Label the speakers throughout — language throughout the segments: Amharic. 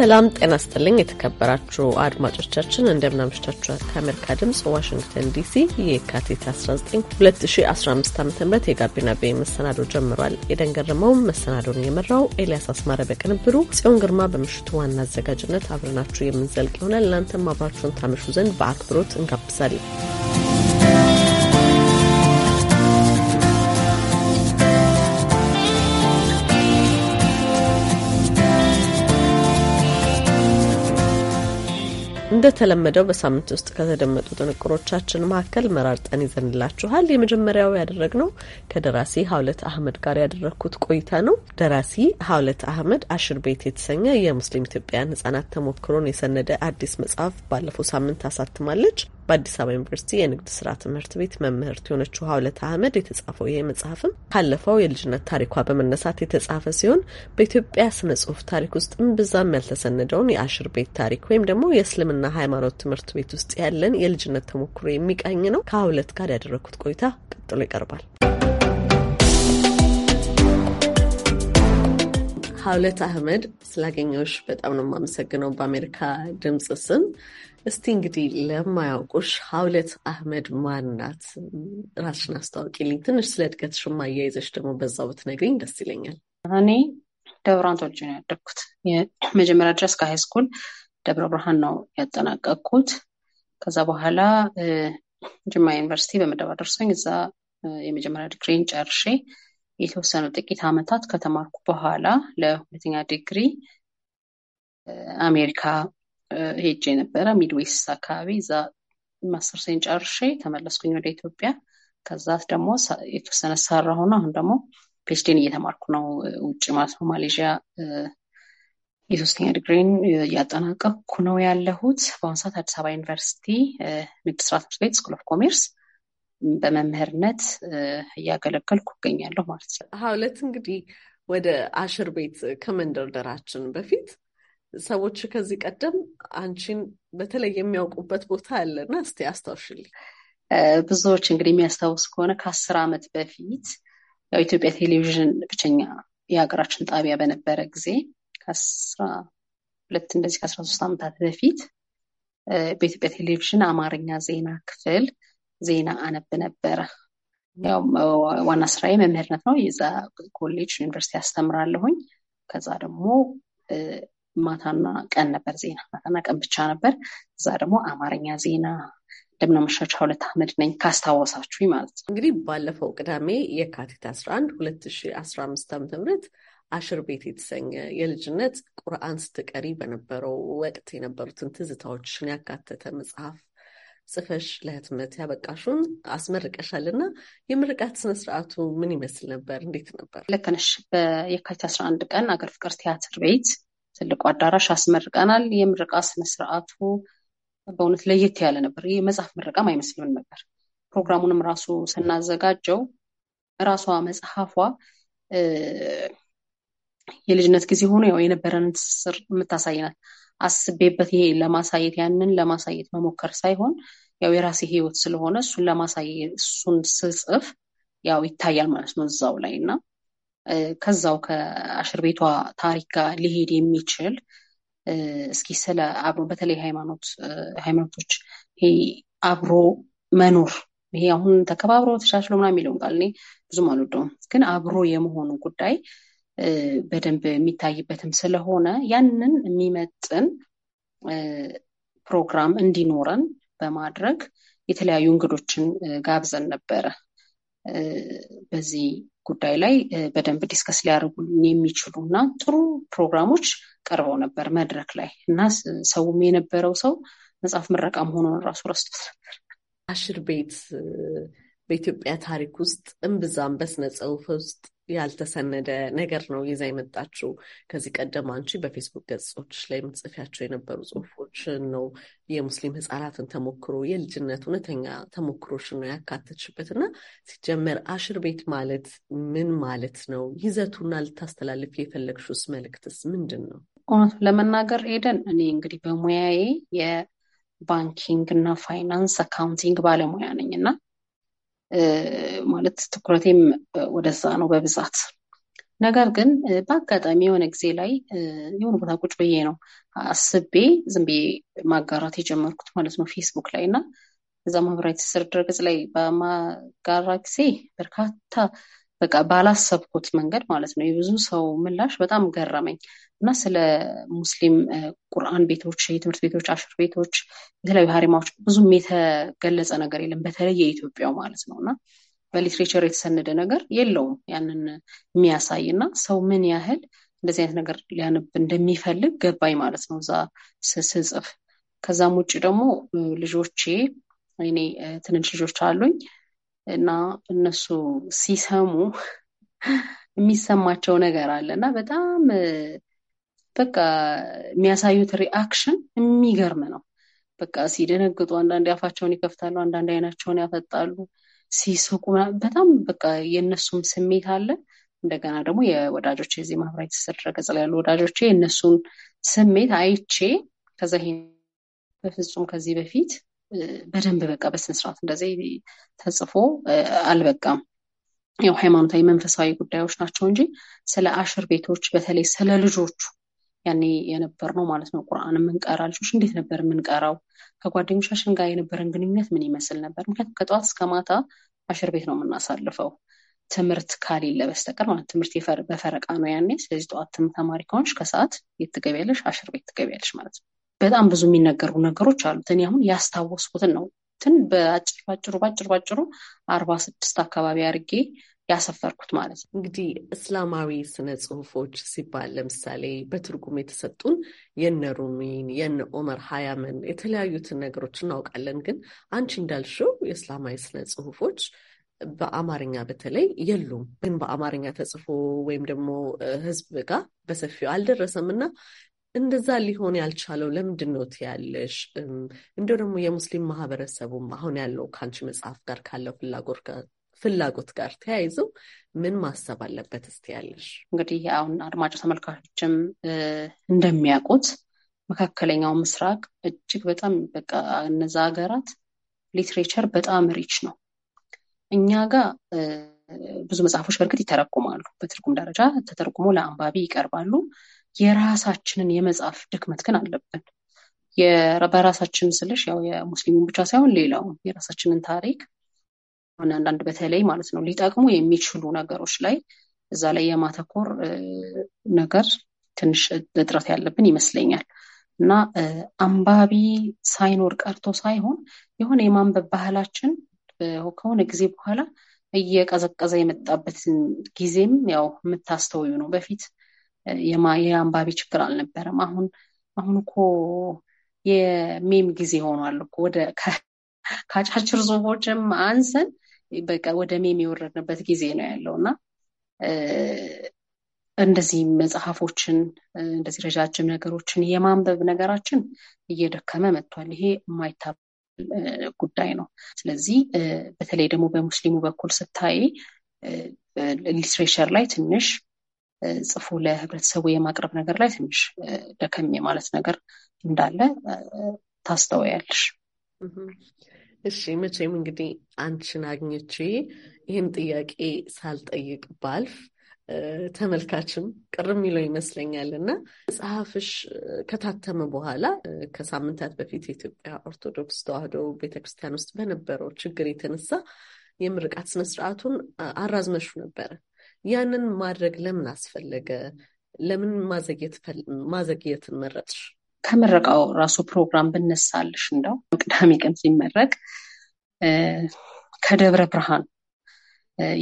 Speaker 1: ሰላም ጤና ስጥልኝ። የተከበራችሁ አድማጮቻችን እንደምናምሽታችሁ። ከአሜሪካ ድምጽ ዋሽንግተን ዲሲ የካቲት 19 2015 ዓ ም የጋቢና ቤ መሰናዶ ጀምሯል። የደን ገረመው መሰናዶን የመራው ኤልያስ አስማረ በቅንብሩ፣ ጽዮን ግርማ በምሽቱ ዋና አዘጋጅነት አብረናችሁ የምንዘልቅ ይሆናል። እናንተም አብራችሁን ታመሹ ዘንድ በአክብሮት እንጋብዛለን። እንደተለመደው በሳምንት ውስጥ ከተደመጡ ጥንቅሮቻችን መካከል መራርጠን ይዘንላችኋል። የመጀመሪያው ያደረግነው ከደራሲ ሀውለት አህመድ ጋር ያደረግኩት ቆይታ ነው። ደራሲ ሀውለት አህመድ አሽር ቤት የተሰኘ የሙስሊም ኢትዮጵያውያን ህጻናት ተሞክሮን የሰነደ አዲስ መጽሐፍ ባለፈው ሳምንት አሳትማለች። በአዲስ አበባ ዩኒቨርሲቲ የንግድ ስራ ትምህርት ቤት መምህርት የሆነችው ሀውለት አህመድ የተጻፈው ይህ መጽሐፍም ካለፈው የልጅነት ታሪኳ በመነሳት የተጻፈ ሲሆን በኢትዮጵያ ስነ ጽሁፍ ታሪክ ውስጥ ብዛም ያልተሰነደውን የአሽር ቤት ታሪክ ወይም ደግሞ የእስልምና ሃይማኖት ትምህርት ቤት ውስጥ ያለን የልጅነት ተሞክሮ የሚቃኝ ነው። ከሀውለት ጋር ያደረግኩት ቆይታ ቀጥሎ ይቀርባል። ሀውለት አህመድ ስላገኘሁሽ በጣም ነው የማመሰግነው በአሜሪካ ድምጽ ስም። እስቲ እንግዲህ ለማያውቁሽ ሀውለት አህመድ ማናት? ራስሽን አስታውቂልኝ። ትንሽ ስለ እድገትሽም አያይዘሽ ደግሞ
Speaker 2: በዛው ብትነግሪኝ ደስ ይለኛል። እኔ ደብረ ብርሃን ነው ያደግኩት። የመጀመሪያ ድረስ ከሃይስኩል ደብረ ብርሃን ነው ያጠናቀቅኩት። ከዛ በኋላ ጅማ ዩኒቨርሲቲ በመደባ ደርሶኝ እዛ የመጀመሪያ ዲግሪን ጨርሼ የተወሰኑ ጥቂት ዓመታት ከተማርኩ በኋላ ለሁለተኛ ዲግሪ አሜሪካ ሄጄ ነበረ ሚድዌስት አካባቢ እዛ ማስተርሴን ጨርሼ ተመለስኩኝ ወደ ኢትዮጵያ። ከዛ ደግሞ የተወሰነ ሰራ ሆነ አሁን ደግሞ ፔችዴን እየተማርኩ ነው ውጭ ማለት ነው ማሌዥያ የሶስተኛ ዲግሪን እያጠናቀቅኩ ነው ያለሁት። በአሁኑ ሰዓት አዲስ አበባ ዩኒቨርሲቲ ንግድ ስራ ትምህርት ቤት ስኩል ኦፍ ኮሜርስ በመምህርነት እያገለገልኩ እገኛለሁ ማለት ነው።
Speaker 1: ሀውለት እንግዲህ ወደ አሽር ቤት ከመንደርደራችን በፊት ሰዎች ከዚህ ቀደም አንቺን በተለይ የሚያውቁበት ቦታ አለና እስቲ አስታውሽልኝ።
Speaker 2: ብዙዎች እንግዲህ የሚያስታውስ ከሆነ ከአስር ዓመት በፊት ያው ኢትዮጵያ ቴሌቪዥን ብቸኛ የሀገራችን ጣቢያ በነበረ ጊዜ ከአስራ ሁለት እንደዚህ ከአስራ ሶስት ዓመታት በፊት በኢትዮጵያ ቴሌቪዥን አማርኛ ዜና ክፍል ዜና አነብ ነበረ። ያው ዋና ስራዬ መምህርነት ነው። የዛ ኮሌጅ ዩኒቨርሲቲ አስተምራለሁኝ። ከዛ ደግሞ ማታና ቀን ነበር ዜና፣ ማታና ቀን ብቻ ነበር። እዛ ደግሞ አማርኛ ዜና እንደምናመሻች ሁለት አህመድ ነኝ ካስታወሳችሁ ማለት ነው። እንግዲህ ባለፈው ቅዳሜ የካቲት 11
Speaker 1: 2015 ዓ.ም አሽር ቤት የተሰኘ የልጅነት ቁርአን ስትቀሪ በነበረው ወቅት የነበሩትን ትዝታዎችን ያካተተ መጽሐፍ ጽፈሽ ለህትመት ያበቃሹን አስመርቀሻል እና የምርቃት ስነስርዓቱ ምን ይመስል ነበር? እንዴት
Speaker 2: ነበር? ልክ ነሽ። የካቲት አስራ አንድ ቀን አገር ፍቅር ቲያትር ቤት ትልቁ አዳራሽ አስመርቀናል። የምርቃ ስነስርዓቱ በእውነት ለየት ያለ ነበር። ይህ መጽሐፍ ምረቃም አይመስልም ነበር። ፕሮግራሙንም ራሱ ስናዘጋጀው ራሷ መጽሐፏ
Speaker 3: የልጅነት ጊዜ ሆኖ ያው
Speaker 2: የነበረን ትስስር የምታሳይናት አስቤበት ይሄ ለማሳየት ያንን ለማሳየት መሞከር ሳይሆን ያው የራሴ ህይወት ስለሆነ እሱን ለማሳየት እሱን ስጽፍ ያው ይታያል ማለት ነው እዛው ላይ እና ከዛው ከአሽር ቤቷ ታሪክ ጋር ሊሄድ የሚችል እስኪ ስለ አብሮ በተለይ ሃይማኖት ሃይማኖቶች ይሄ አብሮ መኖር ይሄ አሁን ተከባብሮ ተሻሽሎ ምና የሚለውን ቃል እኔ ብዙም አልወደውም፣ ግን አብሮ የመሆኑ ጉዳይ በደንብ የሚታይበትም ስለሆነ ያንን የሚመጥን ፕሮግራም እንዲኖረን በማድረግ የተለያዩ እንግዶችን ጋብዘን ነበረ። በዚህ ጉዳይ ላይ በደንብ ዲስከስ ሊያደርጉልን የሚችሉ እና ጥሩ ፕሮግራሞች ቀርበው ነበር መድረክ ላይ እና ሰውም የነበረው ሰው መጽሐፍ ምረቃ መሆኑን ራሱ ረስቶት ነበር።
Speaker 1: አሽር ቤት በኢትዮጵያ ታሪክ ውስጥ እምብዛም በስነ ጽሁፍ ውስጥ ያልተሰነደ ነገር ነው ይዛ የመጣችው። ከዚህ ቀደም አንቺ በፌስቡክ ገጾች ላይ የምትጽፊያቸው የነበሩ ጽሁፎችን ነው የሙስሊም ህጻናትን ተሞክሮ የልጅነት እውነተኛ ተሞክሮችን ነው ያካተችበት እና ሲጀመር አሽር ቤት ማለት ምን ማለት ነው? ይዘቱና ልታስተላልፍ የፈለግሽውስ መልእክትስ ምንድን ነው?
Speaker 2: እውነቱ ለመናገር ሄደን እኔ እንግዲህ በሙያዬ የባንኪንግ እና ፋይናንስ አካውንቲንግ ባለሙያ ነኝ እና ማለት ትኩረቴም ወደዛ ነው በብዛት። ነገር ግን በአጋጣሚ የሆነ ጊዜ ላይ የሆነ ቦታ ቁጭ ብዬ ነው አስቤ ዝም ብዬ ማጋራት የጀመርኩት ማለት ነው ፌስቡክ ላይ እና እዛ ማህበራዊ ትስስር ድረገጽ ላይ በማጋራ ጊዜ በርካታ በቃ ባላሰብኩት መንገድ ማለት ነው የብዙ ሰው ምላሽ በጣም ገረመኝ። እና ስለ ሙስሊም ቁርአን ቤቶች፣ የትምህርት ቤቶች፣ አሽር ቤቶች፣ የተለያዩ ሀሪማዎች ብዙም የተገለጸ ነገር የለም። በተለይ የኢትዮጵያው ማለት ነው እና በሊትሬቸር የተሰነደ ነገር የለውም ያንን የሚያሳይ እና ሰው ምን ያህል እንደዚህ አይነት ነገር ሊያነብ እንደሚፈልግ ገባኝ ማለት ነው እዛ ስጽፍ። ከዛም ውጭ ደግሞ ልጆቼ እኔ ትንንሽ ልጆች አሉኝ እና እነሱ ሲሰሙ የሚሰማቸው ነገር አለ እና በጣም በቃ የሚያሳዩት ሪአክሽን የሚገርም ነው። በቃ ሲደነግጡ አንዳንዴ አፋቸውን ይከፍታሉ፣ አንዳንዴ አይናቸውን ያፈጣሉ፣ ሲስቁ በጣም በቃ የእነሱም ስሜት አለ። እንደገና ደግሞ የወዳጆች የዚህ ማህበራዊ ትስስር ድረገጽ ላይ ያሉ ወዳጆች የእነሱን ስሜት አይቼ ከዛ ይሄ በፍጹም ከዚህ በፊት በደንብ በቃ በስነስርዓት እንደዚህ ተጽፎ አልበቃም። ያው ሃይማኖታዊ መንፈሳዊ ጉዳዮች ናቸው እንጂ ስለ አሽር ቤቶች በተለይ ስለ ልጆቹ ያኔ የነበር ነው ማለት ነው። ቁርአን የምንቀራ ልጆች እንዴት ነበር የምንቀራው? ከጓደኞቻችን ጋር የነበረን ግንኙነት ምን ይመስል ነበር? ምክንያቱም ከጠዋት እስከ ማታ አሽር ቤት ነው የምናሳልፈው ትምህርት ካሌለ በስተቀር ማለት ትምህርት በፈረቃ ነው ያኔ። ስለዚህ ጠዋት ተማሪ ከሆንሽ ከሰዓት የት ትገቢያለሽ? አሽር ቤት ትገቢያለሽ ማለት ነው። በጣም ብዙ የሚነገሩ ነገሮች አሉት። እኔ አሁን ያስታወስኩትን ነው ትን በአጭር ባጭሩ ባጭር ባጭሩ አርባ ስድስት አካባቢ አድርጌ ያሰፈርኩት ማለት ነው። እንግዲህ
Speaker 1: እስላማዊ ስነ ጽሁፎች ሲባል ለምሳሌ በትርጉም የተሰጡን የነ ሩሚን የነ ኦመር ሀያምን የተለያዩትን ነገሮች እናውቃለን። ግን አንቺ እንዳልሽው የእስላማዊ ስነ ጽሁፎች በአማርኛ በተለይ የሉም። ግን በአማርኛ ተጽፎ ወይም ደግሞ ህዝብ ጋር በሰፊው አልደረሰም እና እንደዛ ሊሆን ያልቻለው ለምንድን ነው ትያለሽ? ደግሞ የሙስሊም ማህበረሰቡም አሁን ያለው ከአንቺ መጽሐፍ ጋር ካለው ፍላጎት ፍላጎት ጋር ተያይዞ ምን ማሰብ
Speaker 2: አለበት? እስቲ ያለሽ እንግዲህ አሁን አድማጭ ተመልካቾችም እንደሚያውቁት መካከለኛው ምስራቅ እጅግ በጣም በቃ እነዛ ሀገራት ሊትሬቸር በጣም ሪች ነው። እኛ ጋር ብዙ መጽሐፎች በእርግጥ ይተረጉማሉ። በትርጉም ደረጃ ተተርጉሞ ለአንባቢ ይቀርባሉ። የራሳችንን የመጽሐፍ ድክመት ግን አለብን። በራሳችን ስልሽ ያው የሙስሊሙን ብቻ ሳይሆን ሌላውን የራሳችንን ታሪክ አሁን አንዳንድ በተለይ ማለት ነው ሊጠቅሙ የሚችሉ ነገሮች ላይ እዛ ላይ የማተኮር ነገር ትንሽ እጥረት ያለብን ይመስለኛል እና አንባቢ ሳይኖር ቀርቶ ሳይሆን የሆነ የማንበብ ባህላችን ከሆነ ጊዜ በኋላ እየቀዘቀዘ የመጣበትን ጊዜም ያው የምታስተውዩ ነው። በፊት የአንባቢ ችግር አልነበረም። አሁን አሁን እኮ የሜም ጊዜ ሆኗል እኮ ወደ ከአጫጭር ጽሁፎችም አንሰን በቃ ወደ ሜም የወረድንበት ጊዜ ነው ያለው እና እንደዚህ መጽሐፎችን እንደዚህ ረጃጅም ነገሮችን የማንበብ ነገራችን እየደከመ መጥቷል። ይሄ የማይታ ጉዳይ ነው። ስለዚህ በተለይ ደግሞ በሙስሊሙ በኩል ስታይ ሊትሬቸር ላይ ትንሽ ጽፎ ለህብረተሰቡ የማቅረብ ነገር ላይ ትንሽ ደከም የማለት ነገር እንዳለ ታስተውያለሽ። እሺ
Speaker 1: መቼም እንግዲህ አንቺን አግኝቼ ይህን ጥያቄ ሳልጠይቅ ባልፍ ተመልካችም ቅር የሚለው ይመስለኛል እና መጽሐፍሽ ከታተመ በኋላ ከሳምንታት በፊት የኢትዮጵያ ኦርቶዶክስ ተዋሕዶ ቤተክርስቲያን ውስጥ በነበረው ችግር የተነሳ የምርቃት ስነስርዓቱን አራዝመሹ ነበረ። ያንን ማድረግ ለምን አስፈለገ? ለምን ማዘግየት መረጥሽ?
Speaker 2: ከምረቃው ራሱ ፕሮግራም ብነሳልሽ እንደው ቅዳሜ ቀን ሲመረቅ ከደብረ ብርሃን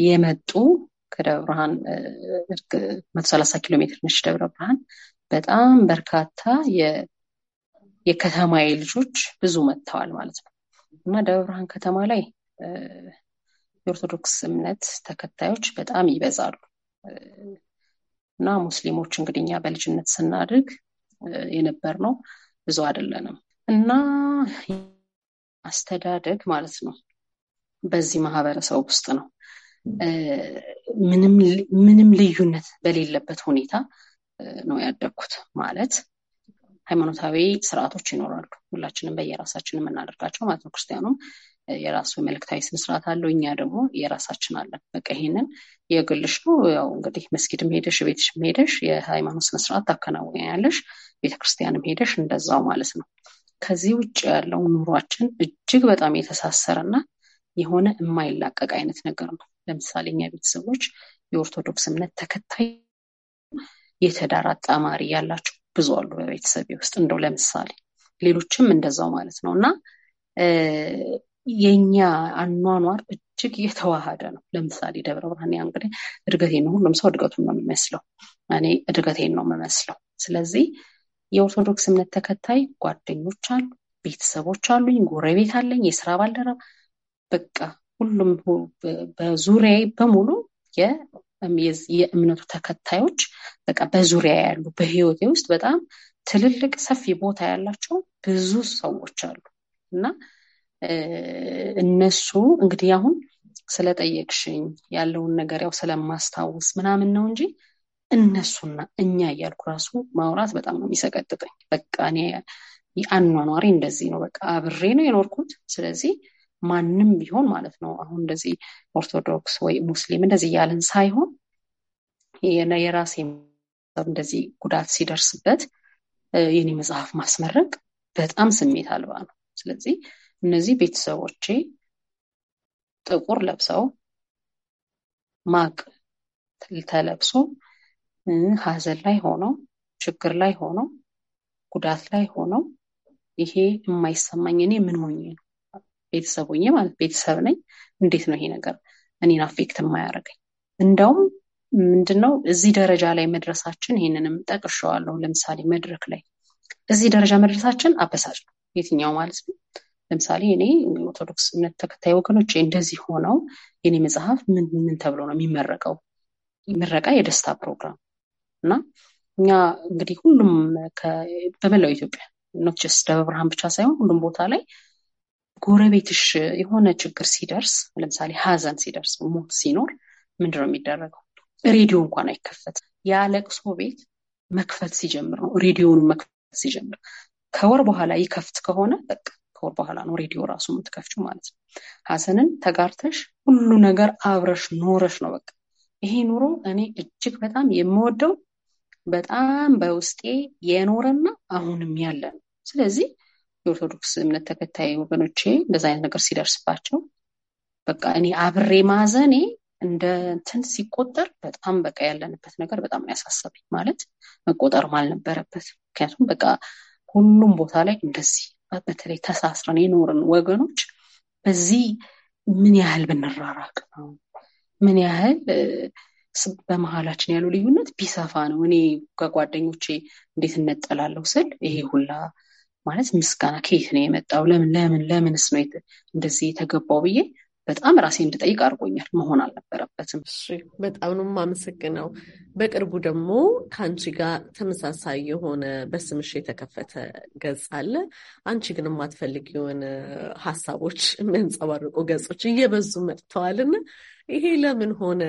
Speaker 2: የመጡ ከደብረ ብርሃን መቶ ሰላሳ ኪሎ ሜትር ነች ደብረ ብርሃን። በጣም በርካታ የከተማዬ ልጆች ብዙ መጥተዋል ማለት ነው እና ደብረ ብርሃን ከተማ ላይ የኦርቶዶክስ እምነት ተከታዮች በጣም ይበዛሉ እና ሙስሊሞች እንግዲህ እኛ በልጅነት ስናድግ የነበር ነው ብዙ አይደለንም እና አስተዳደግ ማለት ነው በዚህ ማህበረሰብ ውስጥ ነው ምንም ልዩነት በሌለበት ሁኔታ ነው ያደግኩት ማለት ሃይማኖታዊ ስርዓቶች ይኖራሉ ሁላችንም በየራሳችን የምናደርጋቸው ማለት ነው ክርስቲያኑም የራሱ መልክታዊ ስነስርዓት አለው እኛ ደግሞ የራሳችን አለን በቃ ይሄንን የግልሽ ነው ያው እንግዲህ መስጊድም ሄደሽ ቤትሽም ሄደሽ የሃይማኖት ስነስርዓት ታከናውኛለሽ ቤተክርስቲያንም ሄደሽ እንደዛው ማለት ነው። ከዚህ ውጭ ያለው ኑሯችን እጅግ በጣም የተሳሰረና የሆነ የማይላቀቅ አይነት ነገር ነው። ለምሳሌ እኛ ቤተሰቦች የኦርቶዶክስ እምነት ተከታይ የትዳር አጣማሪ ያላቸው ብዙ አሉ በቤተሰብ ውስጥ እንደው ለምሳሌ ሌሎችም እንደዛው ማለት ነው እና የኛ አኗኗር እጅግ የተዋሃደ ነው። ለምሳሌ ደብረ ብርሃን ያ እንግዲህ እድገቴን ነው፣ ሁሉም ሰው እድገቱን ነው የሚመስለው። እኔ እድገቴን ነው የምመስለው። ስለዚህ የኦርቶዶክስ እምነት ተከታይ ጓደኞች አሉ፣ ቤተሰቦች አሉኝ፣ ጎረቤት አለኝ፣ የስራ ባልደረባ በቃ ሁሉም በዙሪያ በሙሉ የእምነቱ ተከታዮች በቃ በዙሪያ ያሉ በህይወቴ ውስጥ በጣም ትልልቅ ሰፊ ቦታ ያላቸው ብዙ ሰዎች አሉ እና እነሱ እንግዲህ አሁን ስለጠየቅሽኝ ያለውን ነገር ያው ስለማስታውስ ምናምን ነው እንጂ እነሱና እኛ እያልኩ ራሱ ማውራት በጣም ነው የሚሰቀጥጠኝ። በቃ እኔ አኗኗሪ እንደዚህ ነው። በቃ አብሬ ነው የኖርኩት። ስለዚህ ማንም ቢሆን ማለት ነው አሁን እንደዚህ ኦርቶዶክስ ወይ ሙስሊም እንደዚህ እያለን ሳይሆን የራሴ እንደዚህ ጉዳት ሲደርስበት የኔ መጽሐፍ ማስመረቅ በጣም ስሜት አልባ ነው። ስለዚህ እነዚህ ቤተሰቦቼ ጥቁር ለብሰው ማቅ ተለብሶ ሀዘን ላይ ሆነው ችግር ላይ ሆነው ጉዳት ላይ ሆነው ይሄ የማይሰማኝ እኔ ምን ሆኜ ነው ቤተሰብ ሆኜ ማለት ቤተሰብ ነኝ። እንዴት ነው ይሄ ነገር እኔን አፌክት የማያደርገኝ? እንደውም ምንድነው እዚህ ደረጃ ላይ መድረሳችን ይህንንም ጠቅሼዋለሁ። ለምሳሌ መድረክ ላይ እዚህ ደረጃ መድረሳችን አበሳጭ ነው የትኛው ማለት ነው። ለምሳሌ እኔ ኦርቶዶክስ እምነት ተከታይ ወገኖች እንደዚህ ሆነው የኔ መጽሐፍ ምን ምን ተብሎ ነው የሚመረቀው? ምረቃ የደስታ ፕሮግራም እና እኛ እንግዲህ ሁሉም በመላው ኢትዮጵያ ኖችስ ደብረ ብርሃን ብቻ ሳይሆን ሁሉም ቦታ ላይ ጎረቤትሽ የሆነ ችግር ሲደርስ፣ ለምሳሌ ሀዘን ሲደርስ፣ ሞት ሲኖር ምንድን ነው የሚደረገው? ሬዲዮ እንኳን አይከፈት የአለቅሶ ቤት መክፈት ሲጀምር ነው ሬዲዮን መክፈት ሲጀምር። ከወር በኋላ ይከፍት ከሆነ በቃ ከወር በኋላ ነው ሬዲዮ ራሱ የምትከፍችው ማለት ነው። ሀዘንን ተጋርተሽ ሁሉ ነገር አብረሽ ኖረሽ ነው በቃ ይሄ ኑሮ እኔ እጅግ በጣም የምወደው በጣም በውስጤ የኖረና አሁንም ያለ ነው። ስለዚህ የኦርቶዶክስ እምነት ተከታይ ወገኖቼ እንደዚ አይነት ነገር ሲደርስባቸው በቃ እኔ አብሬ ማዘኔ እንደ እንትን ሲቆጠር በጣም በቃ ያለንበት ነገር በጣም ያሳሰበኝ ማለት መቆጠርም አልነበረበት። ምክንያቱም በቃ ሁሉም ቦታ ላይ እንደዚህ በተለይ ተሳስረን የኖርን ወገኖች በዚህ ምን ያህል ብንራራቅ ነው? ምን ያህል በመሀላችን ያለው ልዩነት ቢሰፋ ነው። እኔ ከጓደኞቼ እንዴት እነጠላለሁ ስል ይሄ ሁላ ማለት ምስጋና ከየት ነው የመጣው? ለምን ለምን ለምንስ ነው እንደዚህ የተገባው ብዬ በጣም ራሴ እንድጠይቅ አድርጎኛል። መሆን አልነበረበትም።
Speaker 1: በጣም ነው የማመሰግነው። በቅርቡ ደግሞ ከአንቺ ጋር ተመሳሳይ የሆነ በስምሽ የተከፈተ ገጽ አለ። አንቺ ግን የማትፈልግ የሆነ ሀሳቦች የሚያንጸባርቁ ገጾች እየበዙ መጥተዋልና ይሄ ለምን ሆነ፣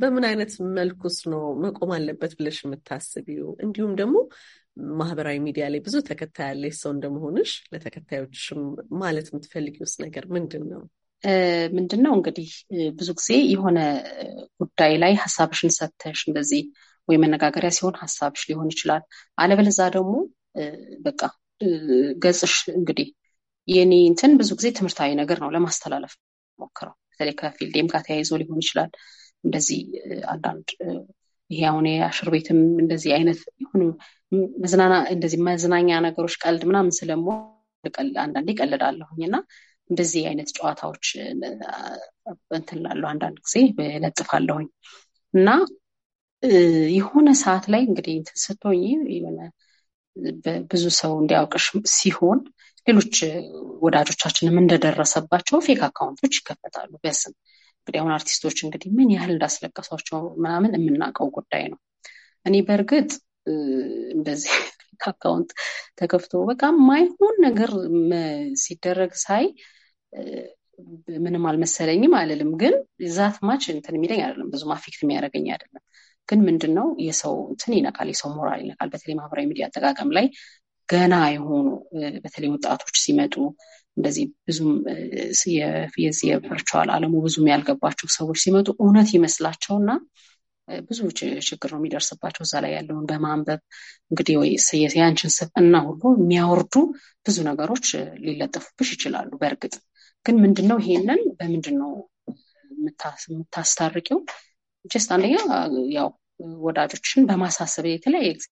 Speaker 1: በምን አይነት መልኩስ ነው መቆም አለበት ብለሽ የምታስቢው? እንዲሁም ደግሞ ማህበራዊ ሚዲያ ላይ ብዙ ተከታይ ያለሽ ሰው እንደመሆንሽ ለተከታዮች ማለት የምትፈልጊውስ ነገር ምንድን ነው?
Speaker 2: ምንድን ነው እንግዲህ ብዙ ጊዜ የሆነ ጉዳይ ላይ ሀሳብሽን ሰተሽ እንደዚህ ወይ መነጋገሪያ ሲሆን ሀሳብሽ ሊሆን ይችላል። አለበለዛ ደግሞ በቃ ገጽሽ እንግዲህ የኔ እንትን ብዙ ጊዜ ትምህርታዊ ነገር ነው ለማስተላለፍ ሞክረው በተለይ ከፊልዴም ጋር ተያይዞ ሊሆን ይችላል። እንደዚህ አንዳንድ ይሄ አሁን የአሽር ቤትም እንደዚህ አይነት ሆኑ መዝናና እንደዚህ መዝናኛ ነገሮች ቀልድ ምናምን ስለሞ አንዳንዴ ይቀልዳለሁኝ እና እንደዚህ አይነት ጨዋታዎች እንትላለሁ አንዳንድ ጊዜ ለጥፋለሁኝ እና የሆነ ሰዓት ላይ እንግዲህ ስቶኝ ብዙ ሰው እንዲያውቅሽ ሲሆን ሌሎች ወዳጆቻችንም እንደደረሰባቸው ፌክ አካውንቶች ይከፈታሉ በስም እንግዲህ አሁን አርቲስቶች እንግዲህ ምን ያህል እንዳስለቀሷቸው ምናምን የምናውቀው ጉዳይ ነው። እኔ በእርግጥ እንደዚህ አካውንት ተከፍቶ በቃ ማይሆን ነገር ሲደረግ ሳይ ምንም አልመሰለኝም አልልም፣ ግን ዛት ማች እንትን የሚለኝ አይደለም፣ ብዙም አፌክት የሚያደርገኝ አይደለም። ግን ምንድን ነው የሰው እንትን ይነካል፣ የሰው ሞራል ይነካል። በተለይ ማህበራዊ ሚዲያ አጠቃቀም ላይ ገና የሆኑ በተለይ ወጣቶች ሲመጡ እንደዚህ ብዙም የዚህ የቨርቹዋል ዓለሙ ብዙም ያልገባቸው ሰዎች ሲመጡ እውነት እና ብዙ ችግር ነው የሚደርስባቸው። እዛ ላይ ያለውን በማንበብ እንግዲህ ወይ የአንችን ስብዕና ሁሉ የሚያወርዱ ብዙ ነገሮች ሊለጠፉብሽ ይችላሉ። በእርግጥ ግን ምንድን ነው ይሄንን በምንድን ነው የምታስታርቂው? ጀስት አንደኛ ያው ወዳጆችን በማሳሰብ የተለያየ ጊዜ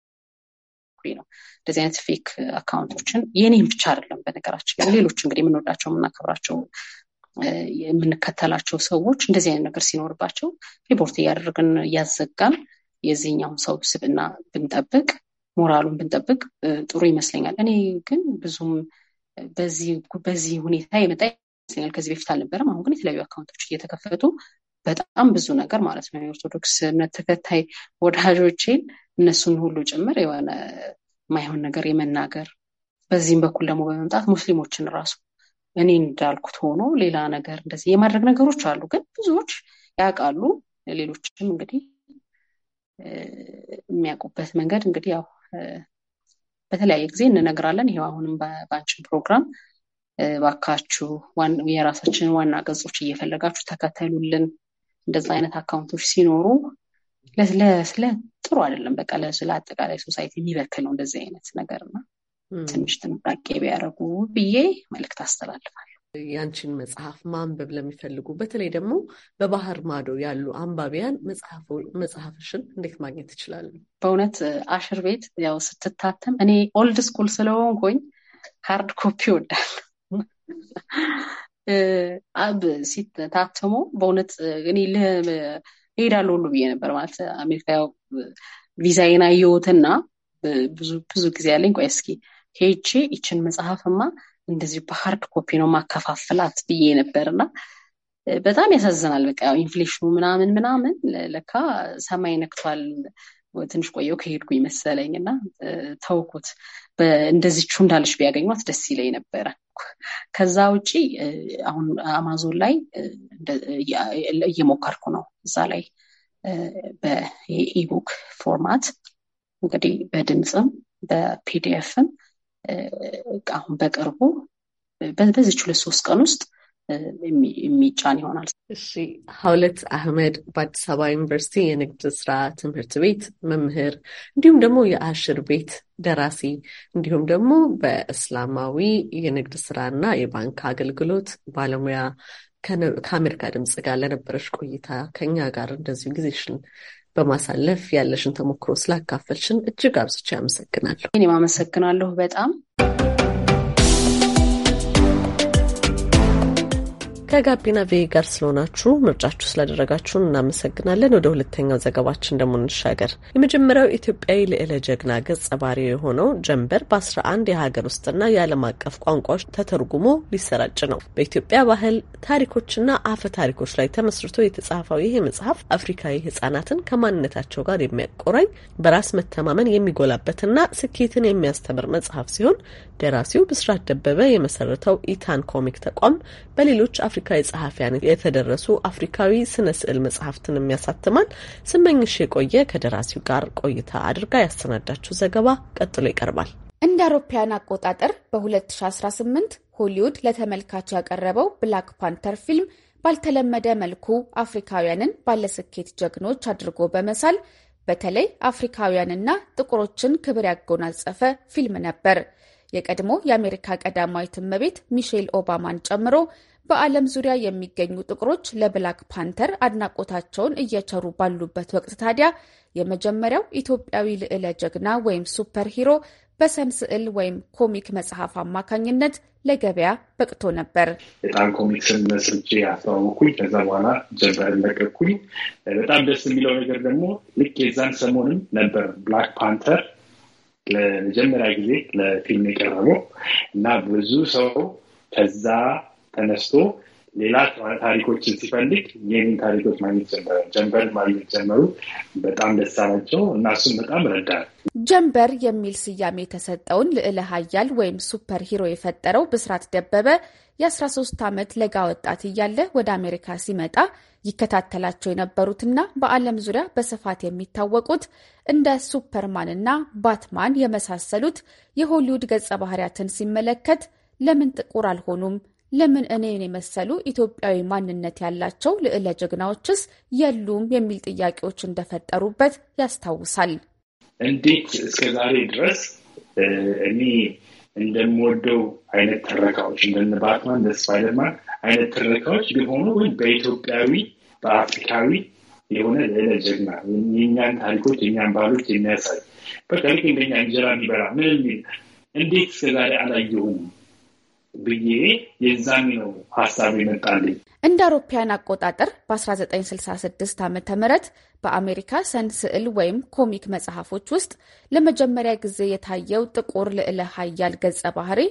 Speaker 2: በኩሌ ነው እንደዚህ አይነት ፌክ አካውንቶችን የኔም ብቻ አይደለም በነገራችን ላይ ሌሎች እንግዲህ የምንወዳቸው የምናከብራቸው የምንከተላቸው ሰዎች እንደዚህ አይነት ነገር ሲኖርባቸው ሪፖርት እያደረግን እያዘጋን የዚህኛውን ሰው ስብና ብንጠብቅ ሞራሉን ብንጠብቅ ጥሩ ይመስለኛል። እኔ ግን ብዙም በዚህ ሁኔታ የመጣ ይመስለኛል። ከዚህ በፊት አልነበረም። አሁን ግን የተለያዩ አካውንቶች እየተከፈቱ በጣም ብዙ ነገር ማለት ነው የኦርቶዶክስ እምነት ተከታይ ወዳጆቼን እነሱን ሁሉ ጭምር የሆነ ማይሆን ነገር የመናገር በዚህም በኩል ደግሞ በመምጣት ሙስሊሞችን ራሱ እኔ እንዳልኩት ሆኖ ሌላ ነገር እንደዚህ የማድረግ ነገሮች አሉ። ግን ብዙዎች ያውቃሉ። ሌሎችም እንግዲህ የሚያውቁበት መንገድ እንግዲህ ያው በተለያየ ጊዜ እንነግራለን። ይሄው አሁንም በአንችን ፕሮግራም ባካችሁ የራሳችንን ዋና ገጾች እየፈለጋችሁ ተከተሉልን። እንደዛ አይነት አካውንቶች ሲኖሩ ለስለ ጥሩ አይደለም። በቃ ስለ አጠቃላይ ሶሳይቲ የሚበክል ነው እንደዚህ አይነት ነገር እና ትንሽ ጥንቃቄ ቢያደርጉ ብዬ መልእክት አስተላልፋል።
Speaker 1: ያንቺን መጽሐፍ ማንበብ ለሚፈልጉ በተለይ ደግሞ በባህር ማዶ ያሉ አንባቢያን መጽሐፍሽን
Speaker 2: እንዴት ማግኘት ይችላሉ? በእውነት አሽር ቤት ያው ስትታተም እኔ ኦልድ ስኩል ስለሆንኩኝ ሃርድ ኮፒ ይወዳል። አብ ሲታተሙ በእውነት እኔ እሄዳለሁ ሁሉ ብዬ ነበር። ማለት አሜሪካ ያው ቪዛዬን አየሁትና ብዙ ብዙ ጊዜ ያለኝ ቆይ እስኪ ሄቼ ይችን መጽሐፍማ እንደዚህ በሀርድ ኮፒ ነው ማከፋፍላት ብዬ ነበርና በጣም ያሳዝናል። በቃ ኢንፍሌሽኑ ምናምን ምናምን ለካ ሰማይ ነክቷል። ትንሽ ቆየው ከሄድኩኝ መሰለኝ እና ተውኩት። እንደዚች እንዳለች ቢያገኟት ደስ ይለኝ ነበረ። ከዛ ውጪ አሁን አማዞን ላይ እየሞከርኩ ነው። እዛ ላይ በኢቡክ ፎርማት እንግዲህ በድምፅም በፒዲኤፍም አሁን በቅርቡ በዚች ሁለት ሶስት ቀን ውስጥ
Speaker 1: የሚጫን ይሆናል። እሺ ሀውለት አህመድ በአዲስ አበባ ዩኒቨርሲቲ የንግድ ስራ ትምህርት ቤት መምህር እንዲሁም ደግሞ የአሽር ቤት ደራሲ እንዲሁም ደግሞ በእስላማዊ የንግድ ስራና የባንክ አገልግሎት ባለሙያ ከአሜሪካ ድምፅ ጋር ለነበረች ቆይታ ከኛ ጋር እንደዚሁ ጊዜሽን በማሳለፍ ያለሽን ተሞክሮ ስላካፈልሽን እጅግ አብዝቼ አመሰግናለሁ። እኔም አመሰግናለሁ በጣም ከጋቢና ቬ ጋር ስለሆናችሁ ምርጫችሁ ስላደረጋችሁን እናመሰግናለን። ወደ ሁለተኛው ዘገባችን ደግሞ እንሻገር። የመጀመሪያው ኢትዮጵያዊ ልዕለ ጀግና ገጸ ባህሪ የሆነው ጀንበር በ11 የሀገር ውስጥና የዓለም አቀፍ ቋንቋዎች ተተርጉሞ ሊሰራጭ ነው። በኢትዮጵያ ባህል ታሪኮችና አፈ ታሪኮች ላይ ተመስርቶ የተጻፈው ይህ መጽሐፍ አፍሪካዊ ህጻናትን ከማንነታቸው ጋር የሚያቆራኝ በራስ መተማመን የሚጎላበትና ስኬትን የሚያስተምር መጽሐፍ ሲሆን ደራሲው ብስራት ደበበ የመሰረተው ኢታን ኮሚክ ተቋም በሌሎች አፍሪ አፍሪካዊ ጸሐፊያን የተደረሱ አፍሪካዊ ስነ ስዕል መጽሐፍትንም ያሳትማል። ስመኝሽ የቆየ ከደራሲው ጋር ቆይታ አድርጋ ያሰናዳችው ዘገባ ቀጥሎ ይቀርባል።
Speaker 4: እንደ አውሮፓያን አቆጣጠር በ2018 ሆሊውድ ለተመልካች ያቀረበው ብላክ ፓንተር ፊልም ባልተለመደ መልኩ አፍሪካውያንን ባለስኬት ጀግኖች አድርጎ በመሳል በተለይ አፍሪካውያንና ጥቁሮችን ክብር ያጎናጸፈ ፊልም ነበር። የቀድሞ የአሜሪካ ቀዳማዊት እመቤት ሚሼል ኦባማን ጨምሮ በዓለም ዙሪያ የሚገኙ ጥቁሮች ለብላክ ፓንተር አድናቆታቸውን እየቸሩ ባሉበት ወቅት ታዲያ የመጀመሪያው ኢትዮጵያዊ ልዕለ ጀግና ወይም ሱፐር ሂሮ በሰም ስዕል ወይም ኮሚክ መጽሐፍ አማካኝነት ለገበያ በቅቶ ነበር።
Speaker 3: በጣም ኮሚክስን መስርቼ አስተዋወኩኝ። ከዛ በኋላ ጀበርን ለቀኩኝ። በጣም ደስ የሚለው ነገር ደግሞ ልክ የዛን ሰሞንም ነበር ብላክ ፓንተር ለመጀመሪያ ጊዜ ለፊልም የቀረበው እና ብዙ ሰው ከዛ ተነስቶ ሌላ ታሪኮችን ሲፈልግ የኔን ታሪኮች ማግኘት ጀመረ። ጀንበር ማግኘት ጀመሩ። በጣም ደሳ ናቸው እና እሱም በጣም ረዳል።
Speaker 4: ጀንበር የሚል ስያሜ የተሰጠውን ልዕለ ሀያል ወይም ሱፐር ሂሮ የፈጠረው ብስራት ደበበ የ13 ዓመት ለጋ ወጣት እያለ ወደ አሜሪካ ሲመጣ ይከታተላቸው የነበሩትና በዓለም ዙሪያ በስፋት የሚታወቁት እንደ ሱፐርማን እና ባትማን የመሳሰሉት የሆሊውድ ገጸ ባህሪያትን ሲመለከት ለምን ጥቁር አልሆኑም ለምን እኔን የመሰሉ ኢትዮጵያዊ ማንነት ያላቸው ልዕለ ጀግናዎችስ የሉም የሚል ጥያቄዎች እንደፈጠሩበት ያስታውሳል።
Speaker 3: እንዴት እስከ ዛሬ ድረስ እኔ እንደምወደው አይነት ትረካዎች እንደ ባትማን እንደ ስፓይደርማን አይነት ትረካዎች ቢሆኑ ግን በኢትዮጵያዊ በአፍሪካዊ የሆነ ልዕለ ጀግና የእኛን ታሪኮች የእኛን ባህሎች የሚያሳይ በቃ ልክ እንደኛ እንጀራ የሚበላ ምን እንዴት እስከዛሬ አላየሁም? ብዬ የዛን ነው ሀሳብ ይመጣልኝ።
Speaker 4: እንደ አውሮፓውያን አቆጣጠር በ1966 ዓ ም በአሜሪካ ሰን ስዕል ወይም ኮሚክ መጽሐፎች ውስጥ ለመጀመሪያ ጊዜ የታየው ጥቁር ልዕለ ሀያል ገጸ ባህሪ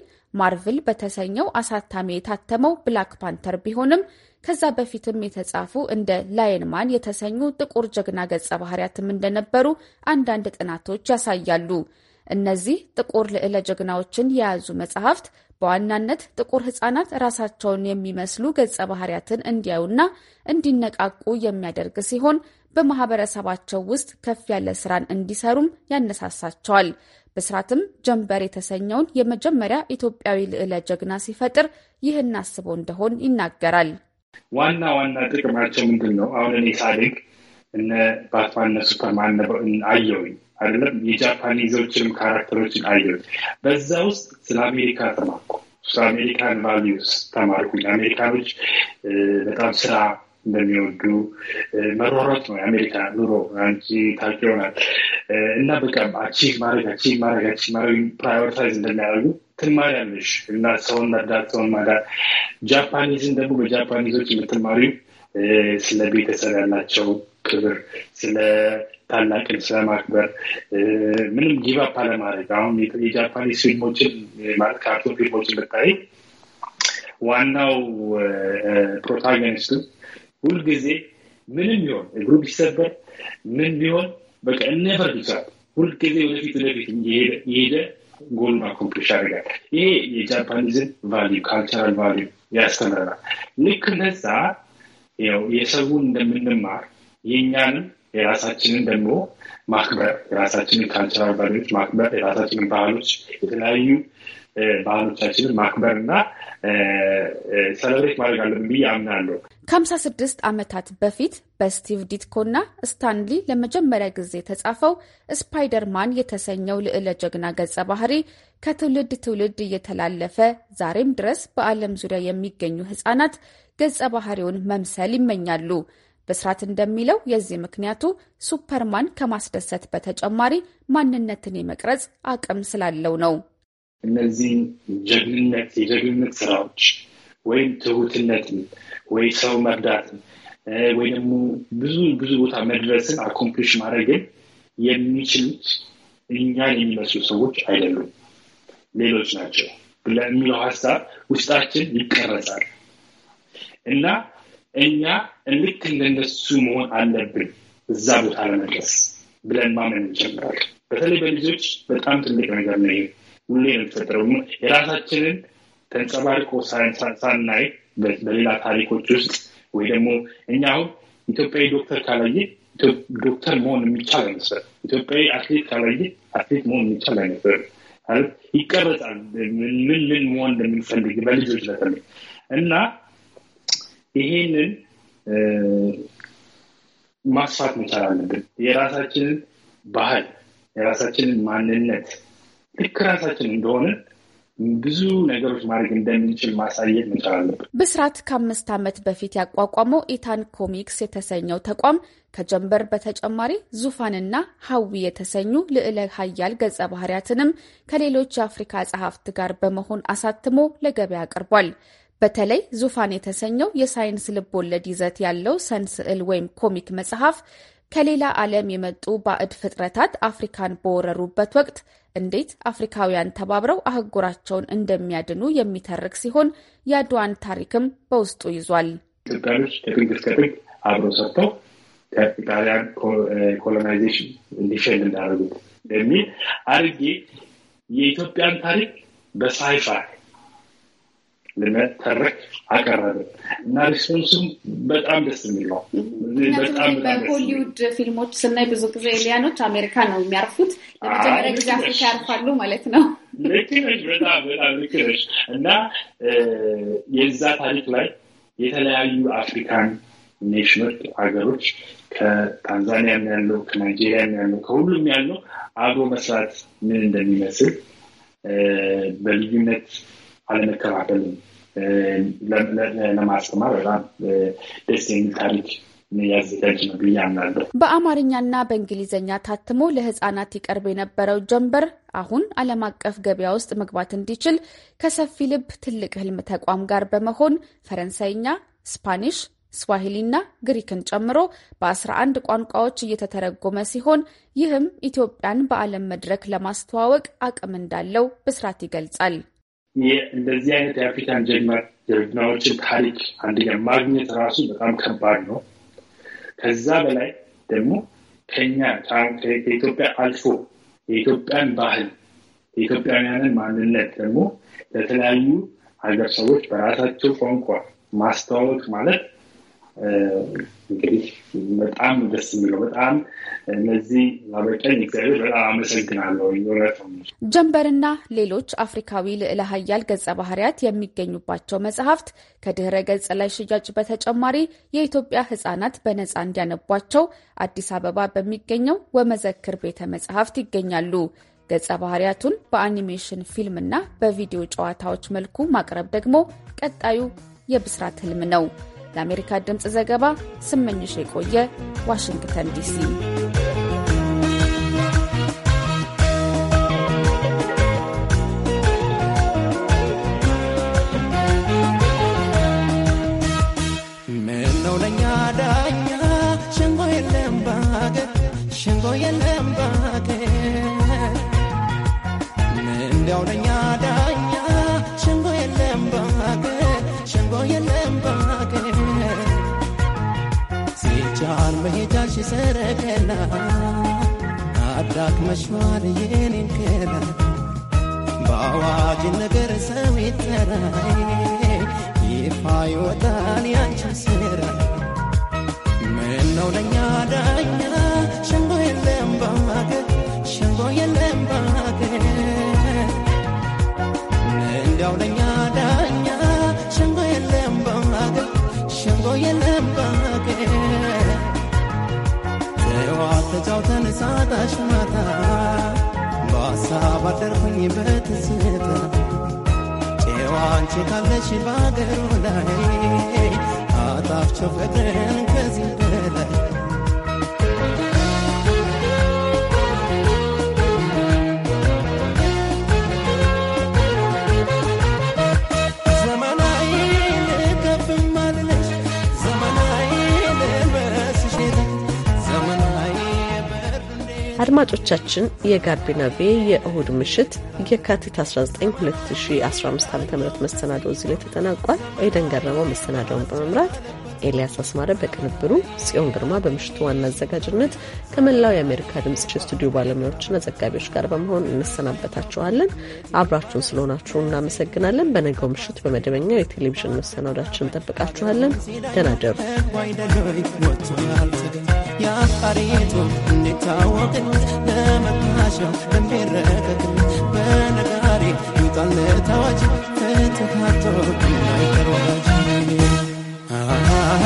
Speaker 4: ማርቭል በተሰኘው አሳታሚ የታተመው ብላክ ፓንተር ቢሆንም ከዛ በፊትም የተጻፉ እንደ ላየንማን የተሰኙ ጥቁር ጀግና ገጸ ባህሪያትም እንደነበሩ አንዳንድ ጥናቶች ያሳያሉ። እነዚህ ጥቁር ልዕለ ጀግናዎችን የያዙ መጽሐፍት በዋናነት ጥቁር ህጻናት ራሳቸውን የሚመስሉ ገጸ ባህሪያትን እንዲያዩና እንዲነቃቁ የሚያደርግ ሲሆን በማህበረሰባቸው ውስጥ ከፍ ያለ ስራን እንዲሰሩም ያነሳሳቸዋል። በስራትም ጀንበር የተሰኘውን የመጀመሪያ ኢትዮጵያዊ ልዕለ ጀግና ሲፈጥር ይህን አስቦ እንደሆን ይናገራል።
Speaker 3: ዋና ዋና ጥቅማቸው ምንድን ነው? አሁን እኔ ሳድግ እነ ባትማን እነ ሱፐርማን አየውኝ አይደለም የጃፓኒዞችንም ካራክተሮችን አየሁት። በዛ ውስጥ ስለ አሜሪካ ተማርኩ። ስለ አሜሪካን ቫሊዩስ ተማርኩኝ። አሜሪካኖች በጣም ስራ እንደሚወዱ መሯሯጥ ነው የአሜሪካ ኑሮ። አንቺ ታውቂ ይሆናል እና በቃ አቺቭ ማድረግ አቺቭ ማድረግ አቺቭ ማድረግ ፕራዮሪታይዝ እንደሚያደርጉ ትማሪያለሽ እና ሰውን መርዳት ሰውን ማዳት ጃፓኒዝን ደግሞ በጃፓኒዞች የምትማሪው ስለ ቤተሰብ ያላቸው ክብር፣ ስለ ታላቅን ስለማክበር ምንም ጊቫፕ አለማድረግ። አሁን የጃፓኒስ ፊልሞችን ማለት ካርቱን ፊልሞችን ብታይ ዋናው ፕሮታጎኒስቱ ሁልጊዜ ምንም ቢሆን እግሩ ቢሰበር ምን ቢሆን በቃ እነፈር ቢሰራል ሁልጊዜ ወደፊት ወደፊት የሄደ ጎል አኮምፕሊሽ ያደርጋል። ይሄ የጃፓኒዝን ቫሊዩ ካልቸራል ቫሊዩ ያስተምረናል። ልክ እንደዛ ያው የሰውን እንደምንማር የእኛን የራሳችንን ደግሞ ማክበር የራሳችንን ካልቸራል ባሪዎች ማክበር የራሳችንን ባህሎች የተለያዩ ባህሎቻችንን ማክበር እና ሰለብሬት ማድረግ አለብን ብዬ አምናለሁ።
Speaker 4: ከሀምሳ ስድስት ዓመታት በፊት በስቲቭ ዲትኮ እና ስታንሊ ለመጀመሪያ ጊዜ የተጻፈው ስፓይደርማን የተሰኘው ልዕለ ጀግና ገጸ ባህሪ ከትውልድ ትውልድ እየተላለፈ ዛሬም ድረስ በዓለም ዙሪያ የሚገኙ ህጻናት ገጸ ባህሪውን መምሰል ይመኛሉ። ብስራት እንደሚለው የዚህ ምክንያቱ ሱፐርማን ከማስደሰት በተጨማሪ ማንነትን የመቅረጽ አቅም ስላለው ነው።
Speaker 3: እነዚህ ጀግንነት የጀግንነት ስራዎች ወይም ትሁትነትን ወይ ሰው መርዳትን ወይ ደግሞ ብዙ ብዙ ቦታ መድረስን አኮምፕሊሽ ማድረግን የሚችሉት እኛን የሚመስሉ ሰዎች አይደሉም፣ ሌሎች ናቸው ለሚለው ሀሳብ ውስጣችን ይቀረጻል። እና እኛ ልክ እንደነሱ መሆን አለብን እዛ ቦታ ለመድረስ ብለን ማመን ይጀምራል። በተለይ በልጆች በጣም ትልቅ ነገር ነው። ሁሌ የሚፈጠረው የራሳችንን ተንጸባርቆ ሳናይ በሌላ ታሪኮች ውስጥ ወይ ደግሞ እኛ አሁን ኢትዮጵያዊ ዶክተር ካላየ ዶክተር መሆን የሚቻል አይመስልም። ኢትዮጵያዊ አትሌት ካላየ አትሌት መሆን የሚቻል አይመስልም። ይቀረጻል ምን ምን መሆን እንደምንፈልግ በልጆች በተለይ እና ይሄንን ማስፋት መቻል አለብን። የራሳችንን ባህል፣ የራሳችንን ማንነት ልክ ራሳችን እንደሆነ ብዙ ነገሮች ማድረግ እንደምንችል ማሳየት መቻል አለብን።
Speaker 4: ብስራት ከአምስት ዓመት በፊት ያቋቋመው ኢታን ኮሚክስ የተሰኘው ተቋም ከጀንበር በተጨማሪ ዙፋንና ሀዊ የተሰኙ ልዕለ ሀያል ገጸ ባህሪያትንም ከሌሎች የአፍሪካ ጸሐፍት ጋር በመሆን አሳትሞ ለገበያ አቅርቧል። በተለይ ዙፋን የተሰኘው የሳይንስ ልቦለድ ይዘት ያለው ሰንስዕል ወይም ኮሚክ መጽሐፍ ከሌላ ዓለም የመጡ ባዕድ ፍጥረታት አፍሪካን በወረሩበት ወቅት እንዴት አፍሪካውያን ተባብረው አህጉራቸውን እንደሚያድኑ የሚተርክ ሲሆን የአድዋን ታሪክም በውስጡ ይዟል።
Speaker 3: ኢትዮጵያኖች ከጥግ እስከ ጥግ አብረው ሰርተው ከኢጣሊያን ኮሎናይዜሽን እንዲሸል እንዳደረጉት የሚል አድርጌ የኢትዮጵያን ታሪክ በሳይፋይ ልንተርክ አቀረብ እና ሪስፖንሱም በጣም ደስ የሚል በሆሊውድ
Speaker 4: ፊልሞች ስናይ ብዙ ጊዜ ኤሊያኖች አሜሪካ ነው የሚያርፉት። ለመጀመሪያ ጊዜ አፍሪካ ያርፋሉ ማለት ነው።
Speaker 3: ልክ ነሽ፣ በጣም በጣም ልክ ነሽ። እና የዛ ታሪክ ላይ የተለያዩ አፍሪካን ኔሽኖች ሀገሮች ከታንዛኒያም ያለው ከናይጄሪያም ያለው ከሁሉም ያለው አብሮ መስራት ምን እንደሚመስል በልዩነት አለመከፋፈልን ለማስተማር በጣም ደስ የሚል ታሪክ
Speaker 4: በአማርኛና በእንግሊዝኛ ታትሞ ለህጻናት ይቀርብ የነበረው ጀንበር አሁን ዓለም አቀፍ ገበያ ውስጥ መግባት እንዲችል ከሰፊ ልብ ትልቅ ህልም ተቋም ጋር በመሆን ፈረንሳይኛ፣ ስፓኒሽ፣ ስዋሂሊና ግሪክን ጨምሮ በ11 ቋንቋዎች እየተተረጎመ ሲሆን ይህም ኢትዮጵያን በዓለም መድረክ ለማስተዋወቅ አቅም እንዳለው ብስራት ይገልጻል።
Speaker 3: እንደዚህ አይነት የአፍሪካን ጀግናዎችን ታሪክ አንደኛ ማግኘት ራሱ በጣም ከባድ ነው። ከዛ በላይ ደግሞ ከኛ ከኢትዮጵያ አልፎ የኢትዮጵያን ባህል የኢትዮጵያውያንን ማንነት ደግሞ ለተለያዩ ሀገር ሰዎች በራሳቸው ቋንቋ ማስተዋወቅ ማለት እንግዲህ በጣም ደስ የሚለው በጣም እነዚህ ላበቀኝ እግዚአብሔር በጣም አመሰግናለሁ።
Speaker 4: ጀንበርና ሌሎች አፍሪካዊ ልዕለ ሀያል ገጸ ባህርያት የሚገኙባቸው መጽሐፍት ከድህረ ገጽ ላይ ሽያጭ በተጨማሪ የኢትዮጵያ ሕጻናት በነጻ እንዲያነቧቸው አዲስ አበባ በሚገኘው ወመዘክር ቤተ መጽሐፍት ይገኛሉ። ገጸ ባህርያቱን በአኒሜሽን ፊልም እና በቪዲዮ ጨዋታዎች መልኩ ማቅረብ ደግሞ ቀጣዩ የብስራት ህልም ነው። ለአሜሪካ ድምፅ ዘገባ ስመኝሽ የቆየ ዋሽንግተን ዲሲ።
Speaker 5: ምነው ለእኛ ዳኛ ሸንጎ የለም ባገር ነሽ ሰረገላ አዳክመሽ ዋል የኔን ገላ በአዋጅ ነገር ሰው ይጠራ ይፋ ይወጣል ያንቺም ስራ ምነው ለእኛ ዳኛ ሸንጎ የለም በሀገር ሸንጎ የለም በሀገር እንዲያው ለእኛ ዳኛ ሸንጎ የለም በሀገር ሸንጎ የለም በሀገር በህዋት ተጫውተን ሰዓታሽ ማታ በሀሳብ አደርኩኝ በትዝታ ጨዋ አንቺ ካለሽ በአገሩ ላይ አጣፍቸው ፍቅርን ከዚህ
Speaker 1: አድማጮቻችን የጋቢና ቬ የእሁድ ምሽት የካቲት 19 2015 ዓ ም መሰናዶ እዚህ ላይ ተጠናቋል። ኤደን ገረመው መሰናዶውን በመምራት ኤልያስ አስማረ በቅንብሩ፣ ጽዮን ግርማ በምሽቱ ዋና አዘጋጅነት ከመላው የአሜሪካ ድምፅ ስቱዲዮ ባለሙያዎችና ዘጋቢዎች ጋር በመሆን እንሰናበታችኋለን። አብራችሁን ስለሆናችሁ እናመሰግናለን። በነገው ምሽት በመደበኛው የቴሌቪዥን መሰናዳችን እንጠብቃችኋለን። ደህና ደሩ።
Speaker 5: ያፋሬቱ እንታወቅ ለመናሻ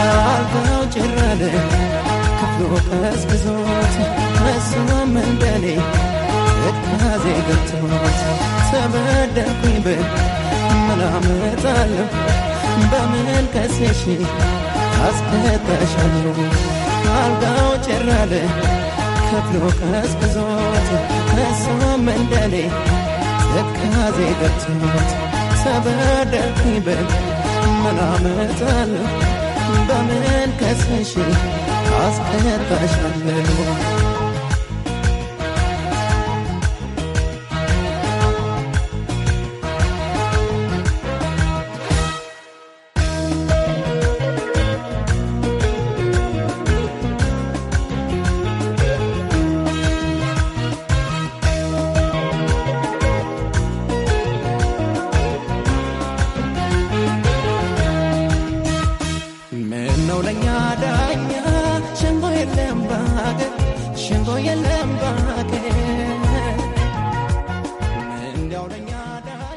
Speaker 5: አልጋው ጭር አለ ክፍሉ ቀዝቅዞት እሱም እንደኔ ትካዜ ገብቶት ተበደኩኝ ብል ምን አመጣለሁ በምን ከሰሽ አስከታሻለሁ አልጋው ጭር አለ ክፍሉ በምን ከሰሽ ካስጠፋሽ አለሁ